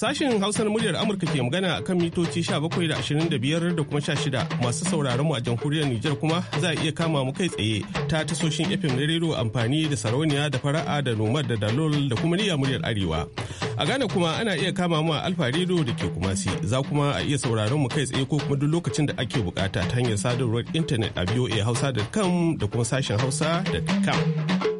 Sashen Hausa na muryar Amurka ke magana kan mitoci 17 da 25 da kuma 16 masu sauraron mu a jamhuriyar Nijar kuma za a iya kama mu kai tsaye ta tasoshin FM na rediyo amfani da sarauniya da fara'a da nomad da dalol da kuma niyya muryar Arewa. A Ghana kuma ana iya kama mu a Alfa rediyo da ke kuma si za kuma a iya sauraron mu kai tsaye ko kuma duk lokacin da ake bukata ta hanyar sadarwar intanet a voahausa.com da kuma sashen hausa.com.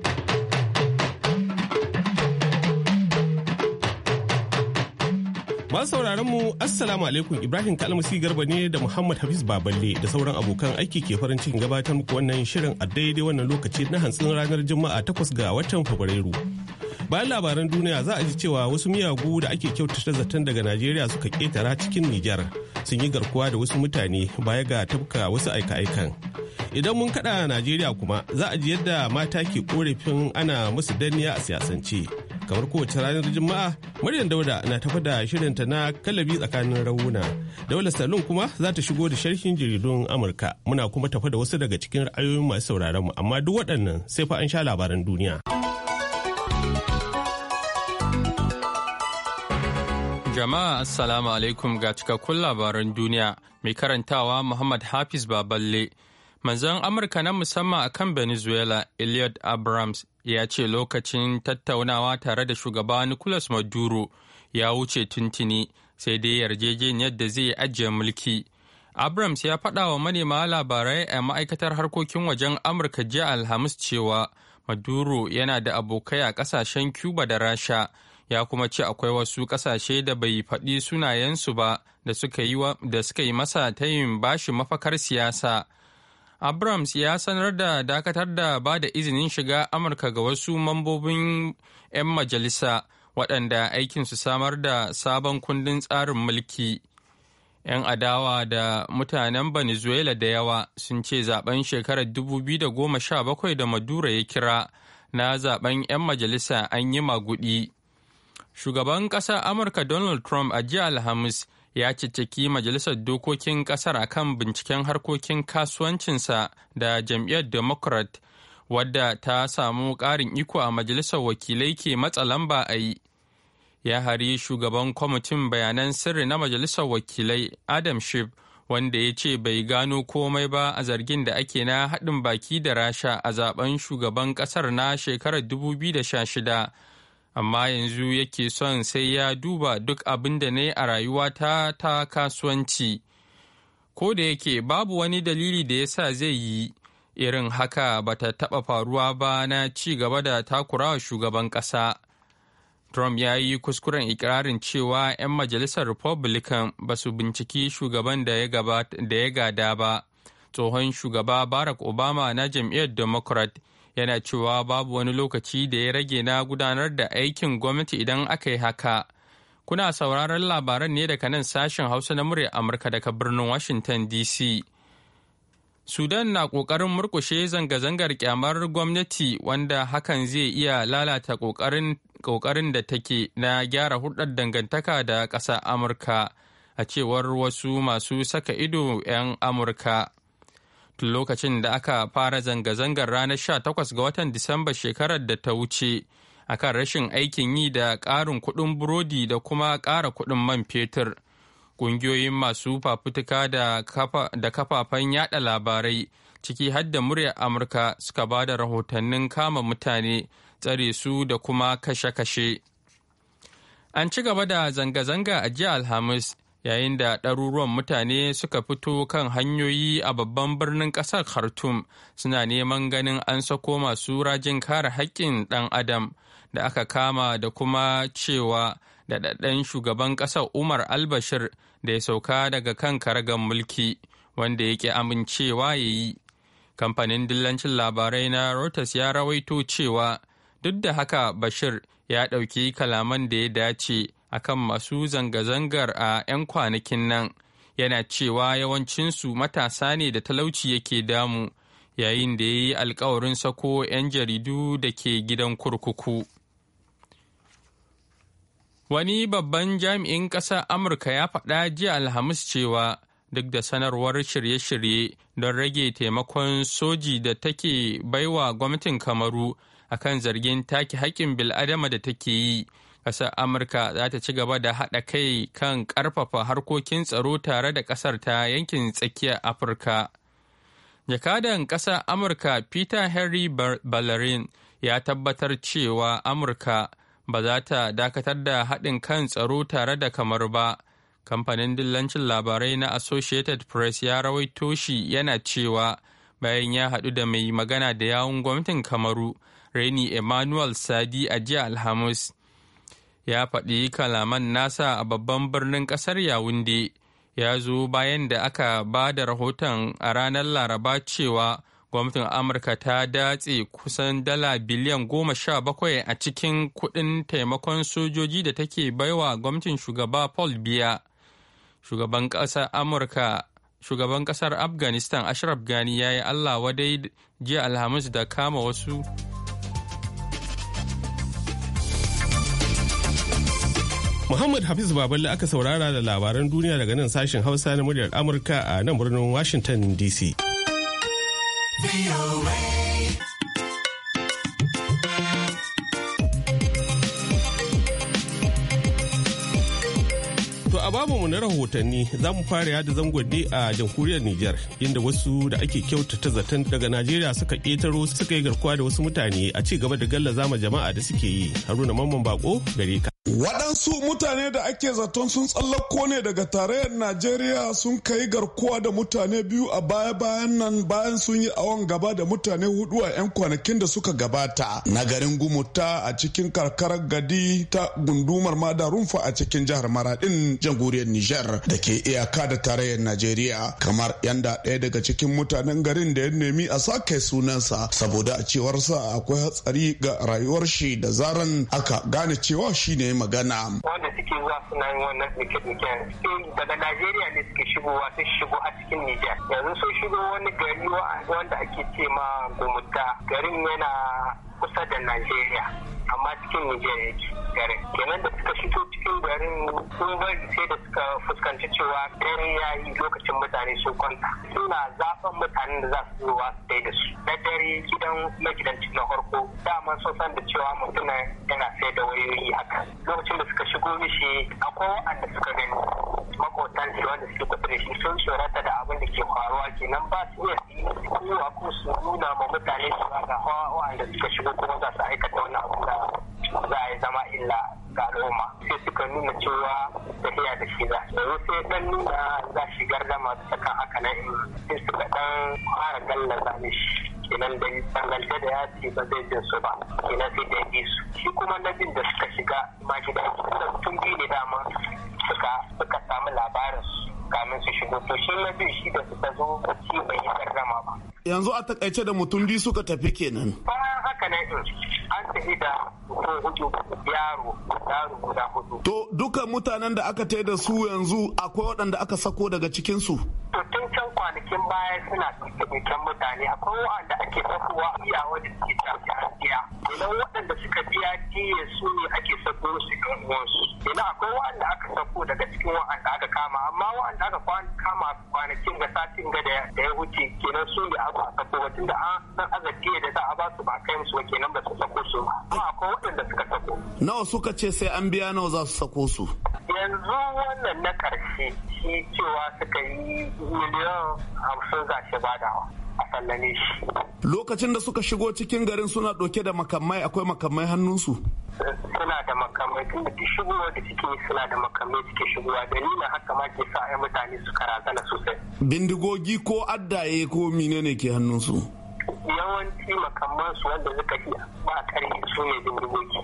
Ma sauraron mu Assalamu alaikum Ibrahim Kalmasi Garba ne da Muhammad Hafiz Baballe da sauran abokan aiki ke farin cikin gabatar muku wannan shirin a daidai wannan lokaci na hantsin ranar Juma'a takwas ga watan Fabrairu. Bayan labaran duniya za a ji cewa wasu miyagu da ake kyautata zaton daga Najeriya suka ketara cikin Nijar sun yi garkuwa da wasu mutane baya ga tafka wasu aika-aikan. Idan mun kada Najeriya kuma za a ji yadda mata ke korafin ana musu danniya a siyasance. kamar kowace ranar juma'a maryam dauda na tafi da shirinta na kalabi tsakanin rawuna daular salon kuma za ta shigo da sharhin jaridun amurka muna kuma tafi da wasu daga cikin ra'ayoyin masu sauraron mu amma duk waɗannan sai fa an sha labaran duniya jama'a assalamu alaikum ga cikakkun labaran duniya mai karantawa muhammad hafiz baballe Manzon Amurka na musamman a kan Venezuela, Elliot Abrams, ya ce lokacin tattaunawa tare da shugaba Nicolas Maduro ya wuce tuntuni sai dai yarjejeniyar da zai ajiye mulki. Abrams ya faɗa wa manema labarai a ma'aikatar harkokin wajen Amurka jiya Alhamis cewa Maduro yana da abokai a ƙasashen Cuba da Rasha, ya kuma ce akwai wasu ƙasashe da bai faɗi sunayensu ba da suka yi masa ta yin bashi mafakar siyasa. abrams ya sanar da dakatar da ba da izinin shiga amurka ga wasu mambobin 'yan majalisa waɗanda aikinsu samar da sabon kundin tsarin mulki 'yan adawa da mutanen venezuela da yawa sun ce zaben shekarar 2017 da madura ya kira na zaben 'yan majalisa an yi magudi shugaban ƙasar amurka donald trump a jiya alhamis ya cicciki majalisar dokokin kasar akan binciken harkokin kasuwancinsa da jam'iyyar democrat wadda ta samu ƙarin iko a majalisar wakilai ke matsa lamba a yi ya hari shugaban kwamitin bayanan sirri na majalisar wakilai adam shif wanda ya ce bai gano komai ba a zargin da ake na haɗin baki da rasha a zaben shugaban ƙasar na shekarar 2016 amma yanzu yake son sai ya duba duk abin da na yi a rayuwata ta kasuwanci ko da yake babu wani dalili da ya sa zai yi irin haka ba ta taɓa faruwa ba na ci gaba da takurawa shugaban ƙasa trump ya yi kuskuren ikirarin cewa 'yan majalisar republican ba su binciki shugaban da ya gada ba tsohon shugaba barack obama na jam'iyyar democrat yana cewa babu wani lokaci da ya rage na gudanar da aikin gwamnati idan aka yi haka. Kuna sauraron labaran ne daga nan sashen Hausa na murya Amurka daga birnin Washington DC. Sudan na ƙoƙarin murƙushe zanga-zangar kyamar gwamnati wanda hakan zai iya lalata ƙoƙarin da take na gyara hulɗar dangantaka da ƙasa Amurka, a cewar wasu masu saka ido 'yan Amurka. lokacin da aka fara zanga-zangar ranar 18 ga watan Disamba shekarar da ta wuce akan rashin aikin yi da ƙarin kuɗin burodi da kuma ƙara kuɗin man fetur. Ƙungiyoyin masu fafutuka da kafafen yada labarai ciki har da muryar Amurka suka ba da rahotannin kama mutane, tsare su da kuma kashe-kashe. An ci gaba da zanga-zanga a jiya Alhamis. yayin da ɗaruruwan mutane suka fito kan hanyoyi a babban birnin ƙasar khartoum suna neman ganin an sako masu rajin kare haƙƙin ɗan adam da aka kama da kuma cewa daɗaɗɗen shugaban ƙasar umar albashir da ya sauka daga kan karagan mulki wanda yake amincewa ya yi kamfanin dillancin labarai na reuters ya rawaito cewa duk da haka bashir ya ɗauki kalaman da ya dace akan masu zanga-zangar a 'yan kwanakin nan yana cewa yawancinsu matasa ne da talauci yake damu yayin da ya yi alkawarin sako 'yan jaridu da ke gidan kurkuku. Wani babban jami'in ƙasar Amurka ya faɗa jiya Alhamis cewa duk da sanarwar shirye-shirye don rage taimakon soji da take baiwa gwamnatin Kamaru akan zargin take haƙƙin bil'adama da take yi. ƙasar amurka za ta ci gaba da haɗa kai kan ƙarfafa harkokin tsaro tare da ƙasar ta yankin tsakiyar afirka jakadan ƙasar amurka peter henry ballerin ya tabbatar cewa amurka ba za ta dakatar da haɗin kan tsaro tare da kamar ba kamfanin dillancin labarai na associated press ya rawaito shi yana cewa bayan ya haɗu da mai magana da yawun gwamnatin kamaru raini emmanuel sadi a jiya alhamis ya faɗi kalaman nasa a babban birnin ƙasar yawunde ya zo bayan da aka ba da rahoton a ranar laraba cewa gwamnatin amurka ta datse kusan dala biliyan goma sha bakwai a cikin kuɗin taimakon sojoji da take baiwa gwamnatin shugaba paul biya shugaban ƙasar amurka shugaban ƙasar afghanistan ashraf gani ya yi allah wadai jiya alhamis da kama wasu Muhammad Hafiz Baballe aka saurara da labaran duniya daga nan sashen Hausa na muryar Amurka a nan birnin Washington DC. a babu na rahotanni za mu fara yada zangonni a jamhuriyar Nijar inda wasu da ake kyautata zaton daga Najeriya suka ƙetaro suka yi garkuwa da wasu mutane a ci gaba da gallaza ma jama'a da suke yi. Haruna Mamman Bako gare ka. Waɗansu mutane da ake zaton sun tsallako ne daga tarayyar Najeriya sun kai garkuwa da mutane biyu a baya-bayan nan bayan sun yi awon gaba da mutane hudu a 'yan kwanakin da suka gabata na garin Gumuta a cikin karkarar gadi ta gundumar Rumfa a cikin jihar Maradin jamhuriyar Nijar da ke iyaka da tarayyar Najeriya kamar yanda ɗaya daga cikin mutanen garin da ya nemi a sake sunansa saboda a cewarsa akwai hatsari ga rayuwar shi da zaran aka gane cewa shi ne magana. Wanda suke zuwa suna yin wannan nike-niken daga Najeriya ne suke shigo sun shigo a cikin Nijar. Yanzu sun shigo wani gari wanda ake ce ma Gomuta. Garin yana kusa da Najeriya amma cikin Nijar yake garin. Kenan da suka shigo su garin sun bari sai da suka fuskanci cewa dare ya yi lokacin mutane su kwanta suna zafin mutanen da za su zuwa su dai da su na dare gidan magidanci na farko daman sun san da cewa mutum yana sai da wayoyi haka lokacin da suka shigo mishi akwai waɗanda suka gani makotan shi wanda suke kusa shi sun tsorata da abin da ke faruwa kenan ba su iya su yi ko su nuna ma mutane su ga waɗanda suka shigo kuma za su aika kuma cewa tafiya da shi za yanzu sai dan nuna za shi da ta saka haka na in su ga dan fara gallaza shi kenan da dangance da ya ce ba zai jin su ba kenan sai da su shi kuma na bin da suka shiga ma gida tun biyu ne dama suka suka samu labarin su kamin su shigo to shi na bin shi da suka zo shi bai yi gargama ba yanzu a takaice da mutum biyu suka tafi kenan bayan haka ne eh, an tafi da hudu yaro yaro guda hudu to duka mutanen da aka tai da su yanzu akwai waɗanda aka sako daga cikinsu. su can kwanakin baya suna tuntun mutane akwai wa'anda ake sakowa a iya wajen suke tafiya idan waɗanda suka biya diya su ne ake sako su ga wasu idan akwai wa'anda aka sako daga cikin waɗanda aka kama amma waɗanda aka kama kwanakin ga satin ga da ya wuce kenan su ne aka sako wajen da an san aza da za a ba su ba kai musu ba kenan ba su sako su ba amma akwai waɗanda suka sako nawa suka ce sai an biya nawa za su sako su yanzu wannan na ƙarshe shi cewa suka yi miliyan hamsin za shi badawa a sallame shi lokacin da suka shigo cikin garin suna ɗauke da makamai akwai makamai hannunsu suna da makamai tun da shigowa da suke suna da makamai suke shigowa dalilin haka ma ke sa mutane suka razana sosai bindigogi ko addaye ko menene ke hannunsu yawanci makamansu wanda suka fi ba kare su ne bindigogi.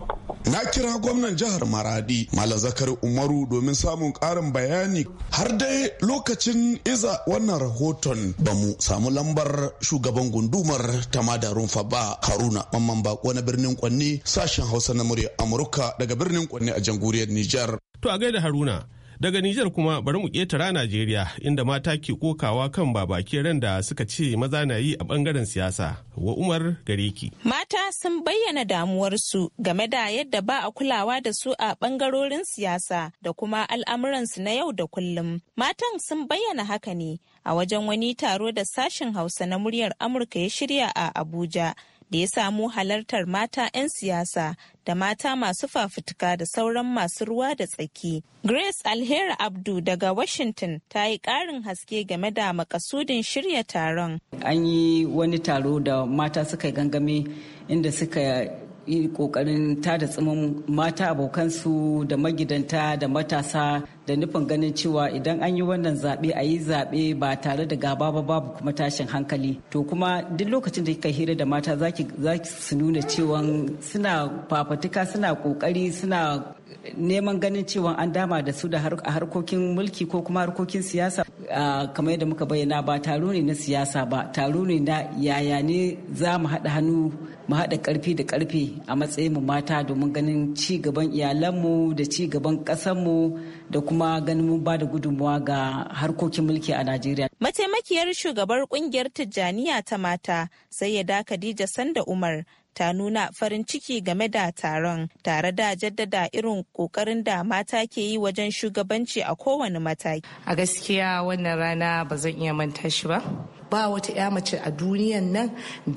Na kira gwamnan jihar Maradi Malam Zakar Umaru domin samun ƙarin bayani har dai lokacin iza wannan rahoton ba mu samu lambar shugaban gundumar ta rumfa ba Haruna Mamman Bako na birnin Kwanne sashen Hausa na murya Amurka daga birnin Kwanni a jamhuriyar Nijar. To a gaida Haruna Daga Nijar kuma bari mu ƙetara Najeriya inda mata ke kokawa kan babakin ran da suka ce maza na yi a bangaren siyasa wa Umar Gareki. Mata sun bayyana damuwarsu game da yadda ba a kulawa da su a bangarorin siyasa da kuma al'amuransu na yau da kullum. Matan sun bayyana haka ne a wajen wani taro da sashen Hausa na muryar Amurka ya shirya a Abuja da ya samu halartar mata 'yan siyasa da mata masu fafutuka da sauran masu ruwa da tsaki. Grace Alheri Abdu daga Washington ta yi ƙarin haske game da makasudin shirya taron. An yi wani taro da mata suka gangame inda suka yi kokarin tada tsimin mata abokansu da magidanta da matasa da nufin ganin cewa idan an yi wannan zaɓe a yi zaɓe ba tare da gaba ba babu kuma tashin hankali to kuma duk lokacin da kika hira da mata za ki su nuna cewa suna fafatuka suna kokari suna neman ganin cewa an dama da su da harkokin mulki ko kuma harkokin siyasa kamar yadda muka bayyana ba taro ne na siyasa ba taro ne na yaya ne za mu haɗa hannu mu haɗa ƙarfi da ƙarfi a matsayin mu mata domin ganin ci gaban mu da ci gaban mu da kuma ganin mun bada gudunmuwa ga harkokin mulki a Najeriya. Mataimakiyar shugabar kungiyar Tijjaniya ta mata sai ya Khadija Sanda Umar ta nuna farin ciki game da taron tare da jaddada irin kokarin da mata ke yi wajen shugabanci a kowane mataki. A gaskiya wannan rana ba zan iya manta shi ba. ba wata ya mace a duniyan nan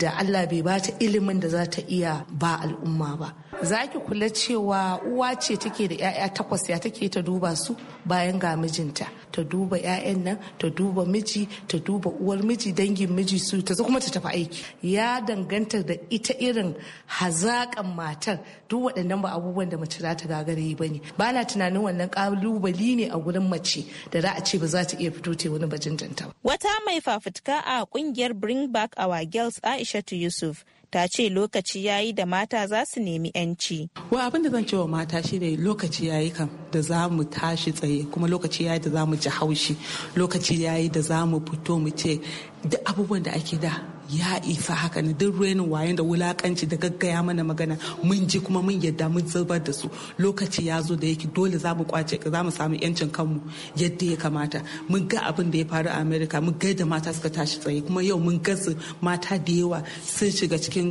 da Allah bai ba ta ilimin da za ta iya ba al'umma ba za ki kula cewa uwa ce take da 'ya'ya takwas ya take ta duba su bayan ga mijinta ta duba 'ya'yan nan ta duba miji ta duba uwar miji dangin miji su ta kuma ta tafi aiki ya danganta da ita irin hazaƙan matar duk waɗannan ba abubuwan da mace za ta gagare ba ne ba na tunanin wannan ƙalubali ne a gurin mace da za a ce ba za ta iya fito ta wani bajin wata mai fafutuka a kungiyar Bring Back Our Girls Aishatu Yusuf ta ce lokaci yayi da mata za su nemi 'yanci. Wa abin da zan ce wa mata shine lokaci yi kam da za mu tashi tsaye kuma lokaci yi da za mu ji haushi lokaci yi da za mu fito mu ce Da abubuwan da ake da ya isa haka ne duk renin wayan da wulakanci da gaggaya mana magana mun ji kuma mun yadda mun zubar da su lokaci ya zo da yake dole za mu kwace za mu samu yancin kanmu yadda ya kamata mun ga abin da ya faru a america mun ga da mata suka tashi tsaye kuma yau mun ga mata da yawa sun shiga cikin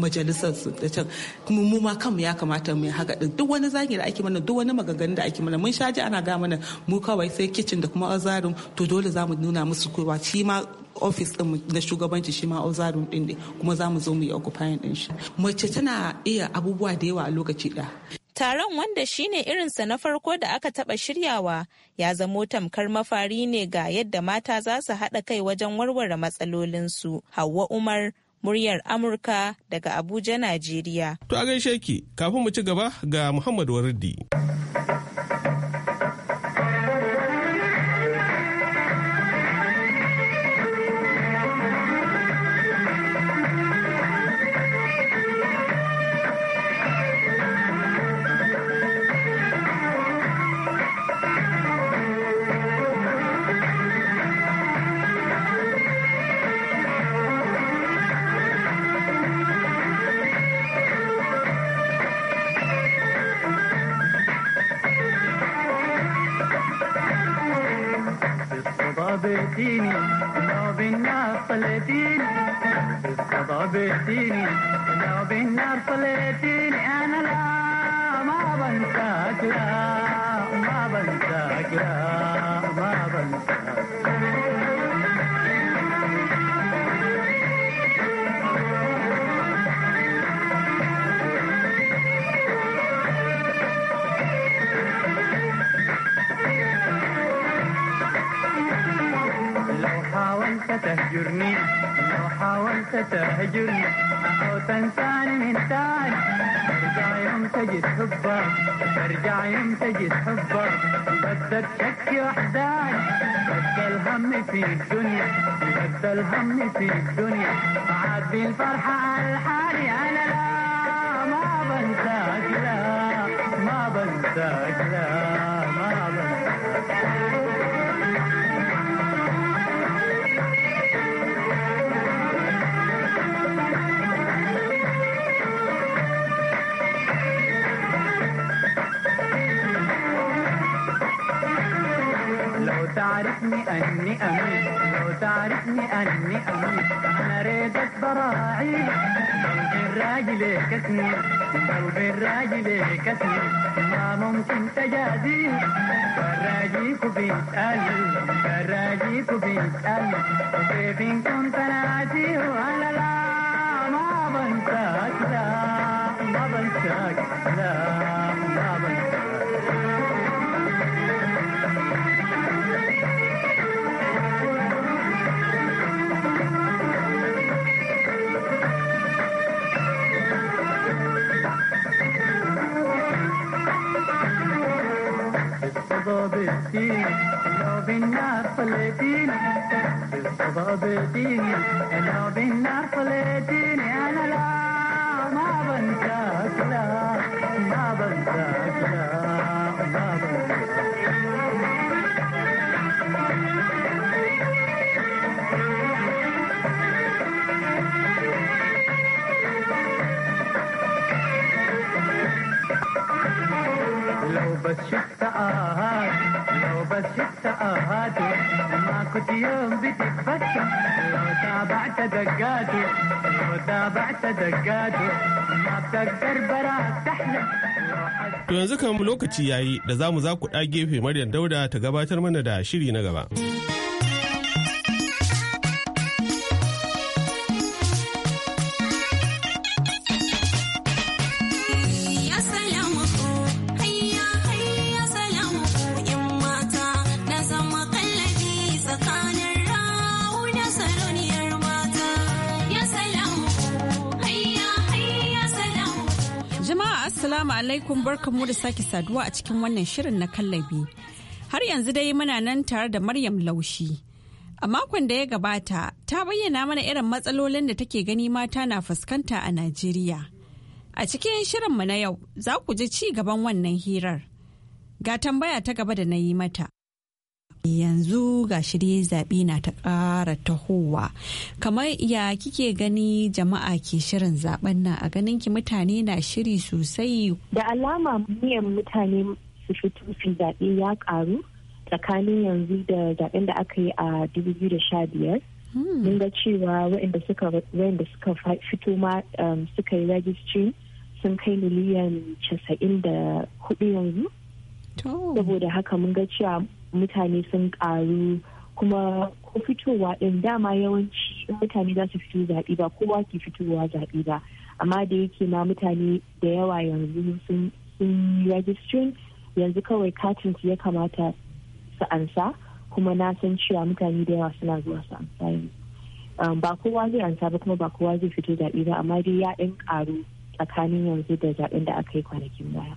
majalisar su da can kuma mu ma kanmu ya kamata mu haka din duk wani zagi da ake mana duk wani maganganun da ake mana mun sha ji ana ga mana mu kawai sai kicin da kuma azarin to dole za mu nuna musu kowa shi ma ofis din na shugabanci shi ma auzarin din ne kuma za mu zo mu yi occupying din shi mace tana iya abubuwa da yawa a lokaci ɗaya Taron wanda shine irinsa na farko da aka taba shiryawa ya zamo tamkar mafari ne ga yadda mata za su haɗa kai wajen warware matsalolinsu. hawa Umar, muryar Amurka daga Abuja, Najeriya. To a gaishe ki, kafin mu ci gaba ga Muhammad Wardi. اديني لو بالنار طلعتيني انا لا ما بنساك لا ما بنساك لا ما بنساك تهجرني أو تنساني من تاني ترجع يوم تجد حبك ارجع يوم تجد حبك يبدل شكي وحداني بدل هم في الدنيا بدل هم في الدنيا عاد بالفرحة على حالي أنا لا ما بنساك لا ما بنساك لا ما بنساك تعرفني أني أمين لو تعرفني أني أمين أنا ريدك براعي قلبي الراجل كسني قلبي الراجل كسني ما ممكن تجازي فراجيك بيسألني فراجيك بيسألني وكيف إن كنت ناسي وأنا لا ما بنساك لا ما بنساك لا بيتين لو بالنار فليتين بالصبا لو بالنار فليتين انا لا ما بنساك لا ما بنساك لا ما بنساك لو بس شفت كنت يوم بتتفتح لو تابعت دقاته لو تابعت دقاته ما بتقدر براك تحلم To yanzu kamar lokaci yayi da za mu za ku ɗage gefe Maryam Dauda ta gabatar mana da shiri na gaba. alaikum barkamu da sake saduwa a cikin wannan shirin na kallabi. Har yanzu dai muna nan tare da Maryam Laushi. A makon da ya gabata, ta bayyana mana irin matsalolin da take gani mata na fuskanta a Najeriya. A cikin shirin mu na yau, za ku ji ci gaban wannan hirar. Ga tambaya ta gaba da na yi mata. yanzu ga shirye zaɓe na ta ƙara tahowa kamar ya kike gani jama'a ke shirin zaben nan a ganin ki mutane na shiri sosai da alama miyan mutane su fito su zaɓe ya ƙaru tsakanin yanzu da zaɓen da aka yi a 2015 hmm. mun ga cewa waɗanda suka fito ma um, suka yi rajistri sun kai miliyan 94 yanzu saboda haka mun ga cewa mutane sun karu kuma ko fitowa ɗin dama yawanci mutane za su fito zaɓi ba kowa ke fitowa zaɓi ba amma da yake ma mutane da yawa yanzu sun registering yanzu kawai katin ya kamata su ansa kuma na san cewa mutane da yawa suna zuwa su ansa yanzu um, ba kowa zai ansa ba kuma ba kowa zai fito zaɓe ba amma dai ya ɗan ƙaru tsakanin yanzu da zaɓen da aka yi kwanakin baya.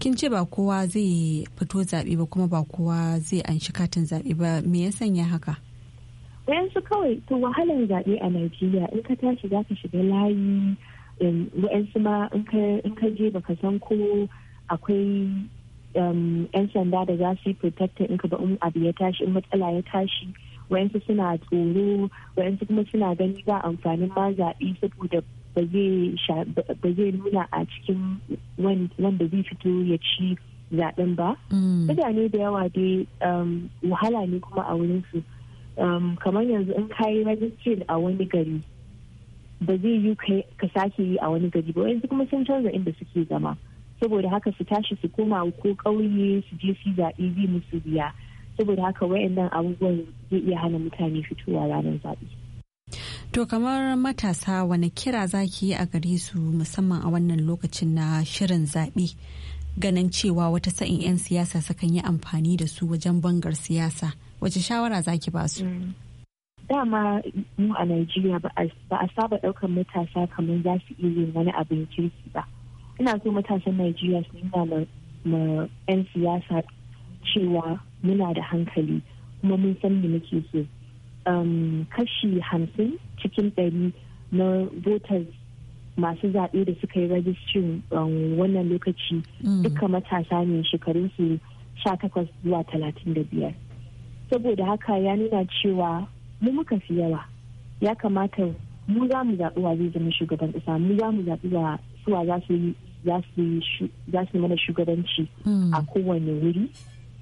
kin ce ba kowa zai fito zaɓe ba kuma ba kowa zai anshi katin zaɓe ba me ya sanya haka wayansu kawai to wahalan zaɓe a najeriya in ka tashi za ka shiga layi um, wayansu ma in ka je baka san ko akwai um, yan sanda da za su yi protectin in ka in abu ya tashi in matsala ya tashi wayansu suna tsoro wayansu kuma suna gani ba amfanin ma zaɓe saboda ba zai nuna a cikin wanda zai fito ya ci zaben ba mm. mutane da yawa dai um, wahala ne kuma a wurin su. Um, kamar yanzu in kayi rajistin a wani gari ba zai yi ka sake yi a wani gari ba yanzu kuma sun canza inda suke zama saboda haka su tashi su koma ko ƙauye su je su zaɓe zai musu biya saboda haka wayannan abubuwan zai iya hana mutane fitowa ranar zaɓe To kamar matasa wani kira za ki yi a gare su musamman a wannan lokacin na shirin zaɓe ganin cewa wata sa'in 'yan siyasa sukan yi amfani da su wajen bangar siyasa wace shawara za ki ba su? Mm. Dama mu a Najeriya ba a saba ɗaukar matasa kamar za su iya yin wani abin kirki ba. Ina so matasan Najeriya su nuna ma 'yan siyasa cewa muna da hankali kuma mun san da muke so. Um, kashi hamsin cikin ɗari na voters masu zaɓe da suka yi rajistin um, wannan lokaci mm. duka matasa ne shekarun sha takwas zuwa talatin da biyar saboda haka ya nuna cewa mu muka fi yawa ya kamata mu za mu zaɓi wa zai zama shugaban ƙasa mu za mu zaɓi wa suwa za su yi mana shugabanci mm. a kowane wuri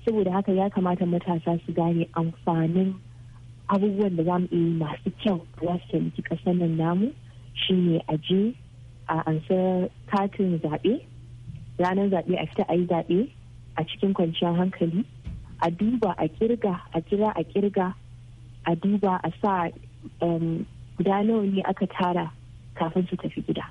saboda haka ya kamata matasa su gane amfanin abubuwan da za mu yi masu kyau a su taimaki ƙasar nan namu ne a je a ansa katin zaɓe ranar zaɓe a fita a yi zaɓe a cikin kwanciyar hankali a duba a kirga a kira a kirga a duba a sa um, guda nawa ne aka tara kafin su tafi gida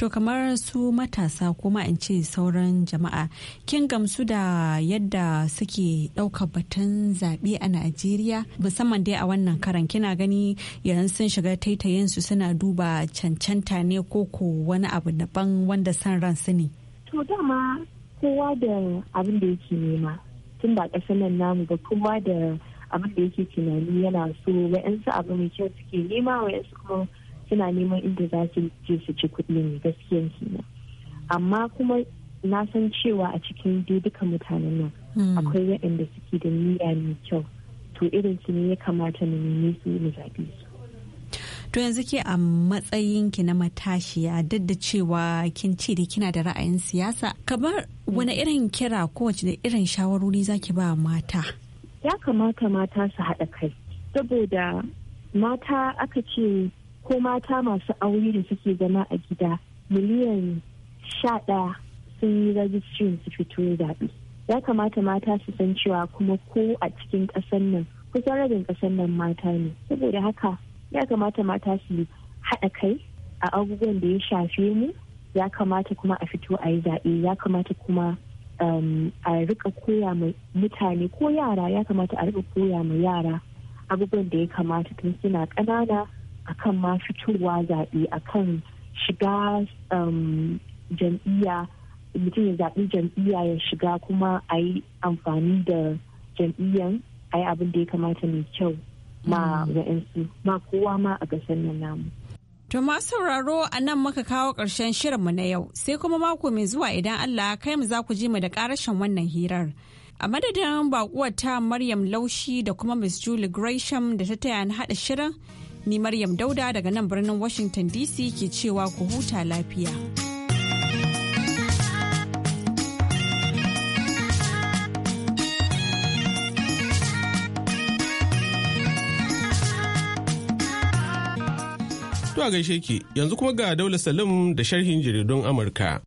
to kamar su matasa kuma in ce sauran jama'a kin gamsu da yadda suke ɗaukar batun zaɓe a najeriya musamman dai a wannan karan kina gani yanzu sun shiga taitayen su suna duba cancanta ne ko ko wani abu daban wanda san ransu ne to dama kowa da abin da yake nema tun ba ƙasar nan namu ba kowa da abin da yake tunani yana so wa'yansu abu mai kyau suke nema wa'yansu kuma suna neman inda za su je su ci kuɗi ne gaskiyan kenan amma kuma na san cewa a cikin duka mutanen nan hmm. akwai waɗanda suke da niyya mai kyau to irin su ne ya kamata mu nemi su mu zaɓe su to yanzu ke a matsayin ki na matashiya duk da cewa kin ce da kina da ra'ayin siyasa kamar wani hmm. irin kira kowace da irin shawarori zaki ba mata ya kamata mata su haɗa kai saboda mata aka ce ko mata masu aure da suke zama a gida miliyan sha ɗaya sun yi rajistrin su fito zaɓe ya kamata mata su san cewa kuma ko a cikin ƙasar nan kusan rabin ƙasar nan mata ne saboda haka ya kamata mata su haɗa kai a abubuwan da ya shafe mu ya kamata kuma a fito a yi zaɓe ya kamata kuma um, a rika koya ma mutane ko yara ya kamata a rika koya ma yara abubuwan da ya kamata tun suna ƙanana akan ma fitowa zaɓe akan shiga um, jam'iyya mutum ya zaɓi jam'iyya ya shiga kuma a yi amfani da jam'iyyan a yi abin da ya kamata mai kyau ma mm. wa'yansu ma kowa ma a gasar nan namu. To masu sauraro a nan muka kawo ƙarshen mu na yau sai kuma mako mai zuwa idan Allah kai mu za ku ji mu da ƙarashin wannan hirar. A madadin baƙuwar ta Maryam Laushi da kuma Miss Julie Gresham da ta taya ni haɗa shirin Ni Maryam Dauda daga nan birnin Washington DC ke cewa ku huta lafiya. To a gaishe ki yanzu kuma ga Daula Salim da sharhin jaridun Amurka.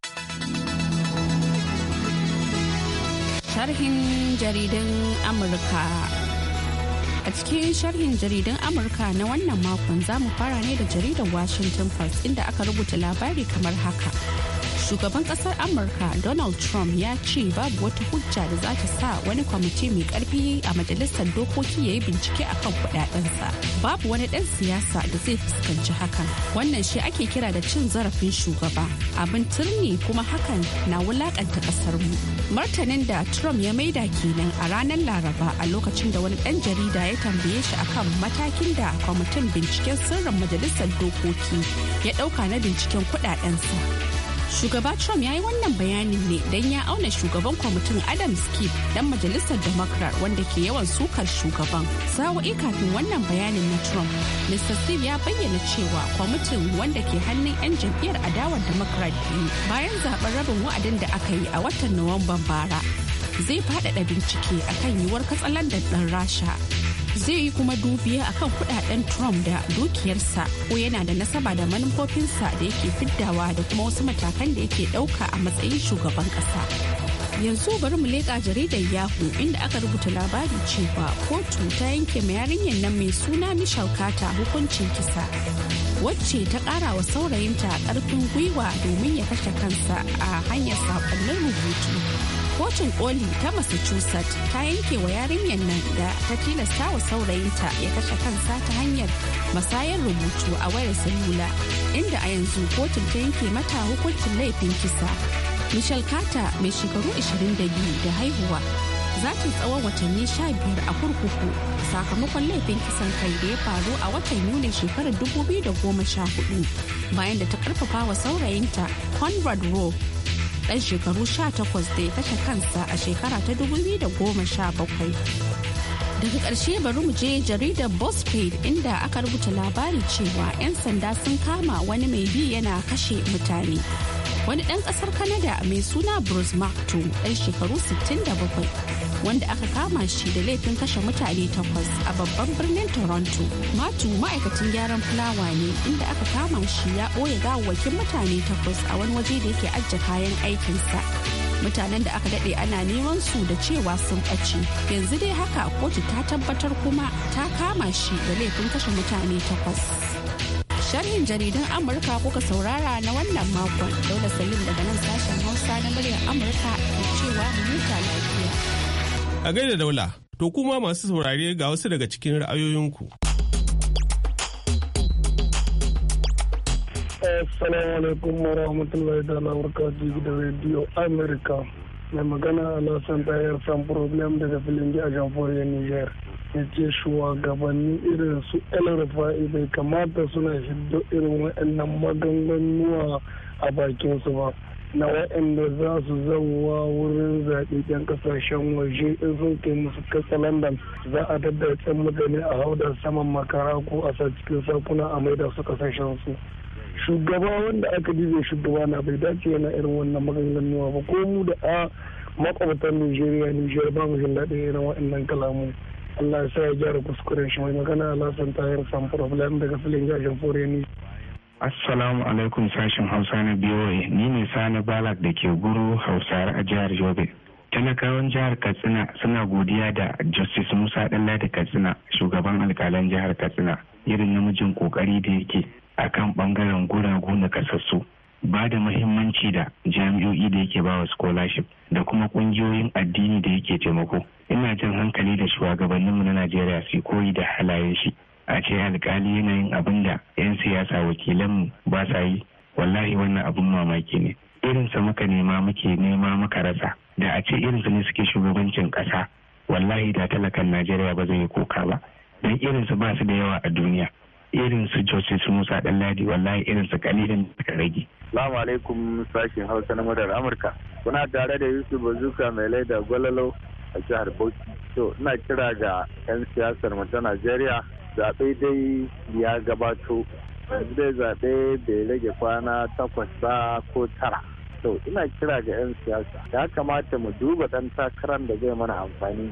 Sharhin jaridun Amurka. A cikin sharhin jaridan Amurka na wannan makon za mu fara ne da jaridan Washington Post inda aka rubuta labari kamar haka. shugaban kasar amurka donald trump ya ce babu wata hujja da za ta sa wani kwamiti mai karfi a majalisar dokoki ya yi bincike a kan kudadensa babu wani dan siyasa da zai fuskanci hakan wannan shi ake kira da cin zarafin shugaba abin turni kuma hakan na wulakanta kasar mu martanin da trump ya maida kenan a ranar laraba a lokacin da wani dan jarida ya tambaye shi akan matakin da kwamitin binciken sirrin majalisar dokoki ya dauka na binciken kudadensa Shugaba Trump ya yi wannan bayanin ne don ya auna shugaban kwamitin Adam Skip dan majalisar Democrat wanda ke yawan sukar shugaban. Sawa'i kafin wannan bayanin na Trump, Mr. Steve ya bayyana cewa kwamitin wanda ke hannun 'yan jam'iyyar adawar Democrat biyu bayan zaben rabin wa'adin da aka yi a watan Nuwamban bara. Zai faɗaɗa bincike akan yiwuwar katsalandan ɗan Rasha. zai yi kuma dubiya a kan kudaden Trump da dukiyarsa ko yana da nasaba da manufofinsa da yake fiddawa da kuma wasu matakan da yake dauka a matsayin shugaban kasa. Yanzu bari mu leƙa jaridar Yahoo inda aka rubuta labari cewa kotu ta yanke ma yarinyar nan mai suna Michelle Carter hukuncin kisa. Wacce ta ƙara wa saurayinta ƙarfin gwiwa domin ya kashe kansa a hanyar saƙonnin rubutu. kotun koli ta massachusetts ta yanke wa yarinyar nan da ta tilasta wa saurayinta ya kashe kansa ta hanyar masayar rubutu a wayar salula inda a yanzu kotun ta yanke mata hukuncin laifin kisa michelle carter mai shekaru 22 da haihuwa za ta tsawon watanni 15 a kurkuku sakamakon laifin kisan kai da ya faru a watan yuni shekarar 2014 bayan da ta karfafa wa saurayinta conrad rowe dan shekaru 18 da ya kashe kansa a shekara ta 2017. Daga ƙarshe bari mu je jaridar Buzzfeed inda aka rubuta labari cewa 'yan sanda sun kama wani mai bi yana kashe mutane. Wani ɗan ƙasar Canada mai suna Bruce Mark ɗan shekaru 67 wanda aka kama shi da laifin kashe mutane takwas a babban birnin Toronto. Matu ma'aikacin gyaran fulawa ne inda aka kama shi ya ɓoye gawawwakin mutane takwas a wani waje da yake ajiye kayan aikinsa. Mutanen da aka daɗe ana neman su da cewa sun ɓace. Yanzu dai haka kotu ta tabbatar kuma ta kama shi da laifin kashe mutane takwas. sharhin jaridan amurka kuka saurara na wannan makon daula salim daga nan sashen hausa na muryar amurka da cewa mutane. A gaida daula, to kuma masu saurare ga wasu daga cikin ra'ayoyinku. Assalamu alaikum wa rahmatullahi da barakatuhu da Radio America. Mai magana Alhassan Tayar San Problem daga Filingi a Jamhuriyar Niger. Ya ce shugabanni irin su Rufa'i bai kamata suna shiddo irin waɗannan maganganuwa a bakin su ba. na waɗanda za su zauwa wurin zaɓe ɗan ƙasashen waje in sun kai musu kasa london za a daddatsen mutane a hauda saman makara ko a sa cikin sakuna a maida su kasashen su shugaba wanda aka dibe shugaba na bai dace yana irin wannan maganganuwa ba ko mu da a makwabtan nigeria nigeria ba mu jin daɗin irin waɗannan kalamu allah ya sa ya gyara kuskuren shi mai magana alasan tayar san problem daga filin gashin fure ne. Assalamu alaikum sashen Hausa na BOA ni ne Sani Balak da ke guru Hausare a jihar Yobe. Talakawan jihar Katsina suna godiya da Justice Musa Dalla da Katsina shugaban alkalan jihar Katsina irin namijin kokari da yake a kan bangaren guragu na kasassu. Ba da mahimmanci da jami'o'i da yake bawa scholarship da kuma kungiyoyin addini da yake taimako. Ina jin hankali da shugabanninmu na Najeriya su koyi da halayen shi. a ce alkali yanayin abin da 'yan siyasa wakilanmu ba sa yi wallahi wannan abin mamaki ne irinsa muka nema muke nema muka rasa da a ce irinsa ne suke shugabancin ƙasa wallahi da talakan najeriya ba zai yi kuka ba don irinsu ba su da yawa a duniya irinsu Jose su Musa Ɗanladi wallahi irin su kalilin da rage. Salamu alaikum sashen Hausa na Madar Amurka. Kuna tare da Yusuf Bazuka mai laida gwalalo a jihar Bauchi. To ina kira ga 'yan siyasar mu ta Najeriya zaɓe dai ya gabato yanzu dai zaɓe bai rage kwana takwas ba ko tara to ina kira ga 'yan siyasa ya kamata mu duba ɗan takarar da zai mana amfani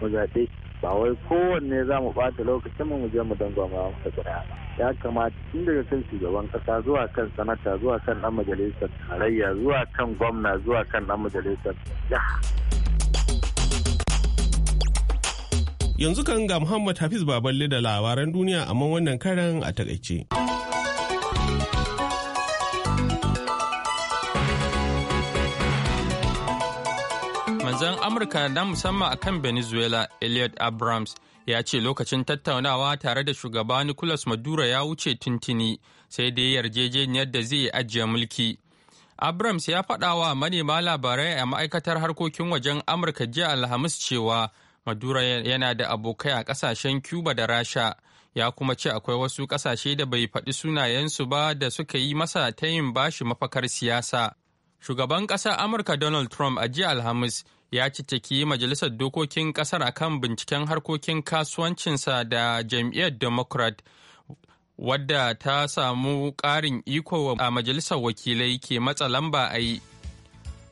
mu zaɓe ba wai kowanne za mu ɓata lokacin mu je mu dangwama wata ƙuri'a ya kamata tun daga kan shugaban ƙasa zuwa kan sanata zuwa kan ɗan majalisar tarayya zuwa kan gwamna zuwa kan ɗan majalisar jiha Yanzu kan ga Muhammad Hafiz Baballe da labaran duniya amma wannan karan a takaice. Manzan Amurka na musamman kan Venezuela, Elliot Abrams, ya ce lokacin tattaunawa tare da shugaba Nicolas Maduro ya wuce tuntuni sai dai yarjejeniyar da zai ajiye mulki. Abrams ya faɗa wa manema labarai a ma'aikatar harkokin wajen Amurka jiya Alhamis cewa madura yana da abokai a ƙasashen Cuba da Rasha, ya kuma ce akwai wasu ƙasashe da bai faɗi sunayensu ba da suka yi masa ta yin bashi mafakar siyasa. Shugaban ƙasar Amurka Donald Trump a jiya Alhamis ya ciciki Majalisar Dokokin ƙasar kan binciken harkokin kasuwancinsa da jam'iyyar Democrat. wadda ta samu ƙarin iko a majalisar wakilai ke matsa lamba a yi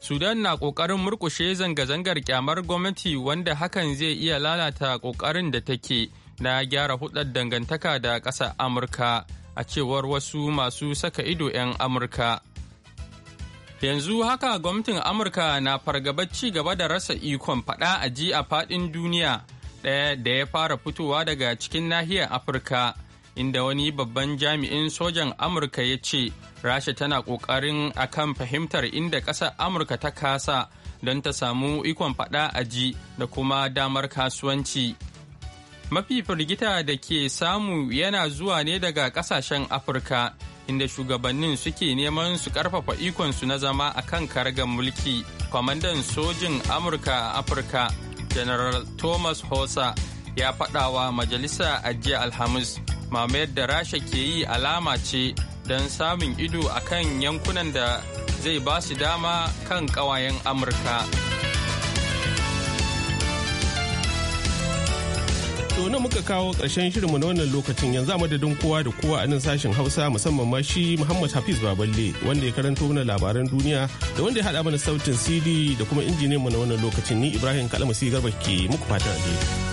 Sudan na ƙoƙarin murƙushe zanga-zangar kyamar gwamnati wanda hakan zai iya lalata ƙoƙarin da take na gyara hudar dangantaka da ƙasar Amurka a cewar wasu masu saka ido 'yan Amurka. Yanzu haka gwamnatin Amurka na fargabar ci gaba da rasa ikon faɗa a ji a faɗin duniya ɗaya da ya fara fitowa daga cikin nahiyar Afirka inda wani babban jami'in sojan amurka ya ce rasha tana ƙoƙarin akan fahimtar inda ƙasar amurka ta kasa don ta samu ikon faɗa ji da kuma damar kasuwanci mafi firgita da ke samu yana zuwa ne daga ƙasashen afirka inda shugabannin suke neman su ƙarfafa ikonsu na zama a kan karga mulki kwamandan sojin amurka a afirka general thomas hosa ya faɗawa majalisa a jiya alhamis mamayar yadda rasha ke yi alama ce don samun ido a kan yankunan da zai ba su dama kan kawayen amurka na muka kawo ƙarshen shirinmu na wannan lokacin yanzu a madadin kowa da kowa a nan sashen hausa musamman ma shi muhammad hafiz baballe wanda ya karanto mana labaran duniya da wanda ya haɗa mana sautin cd da kuma injiniyanmu na wannan lokacin ni ibrahim kalamasi garba ke muku fatan alheri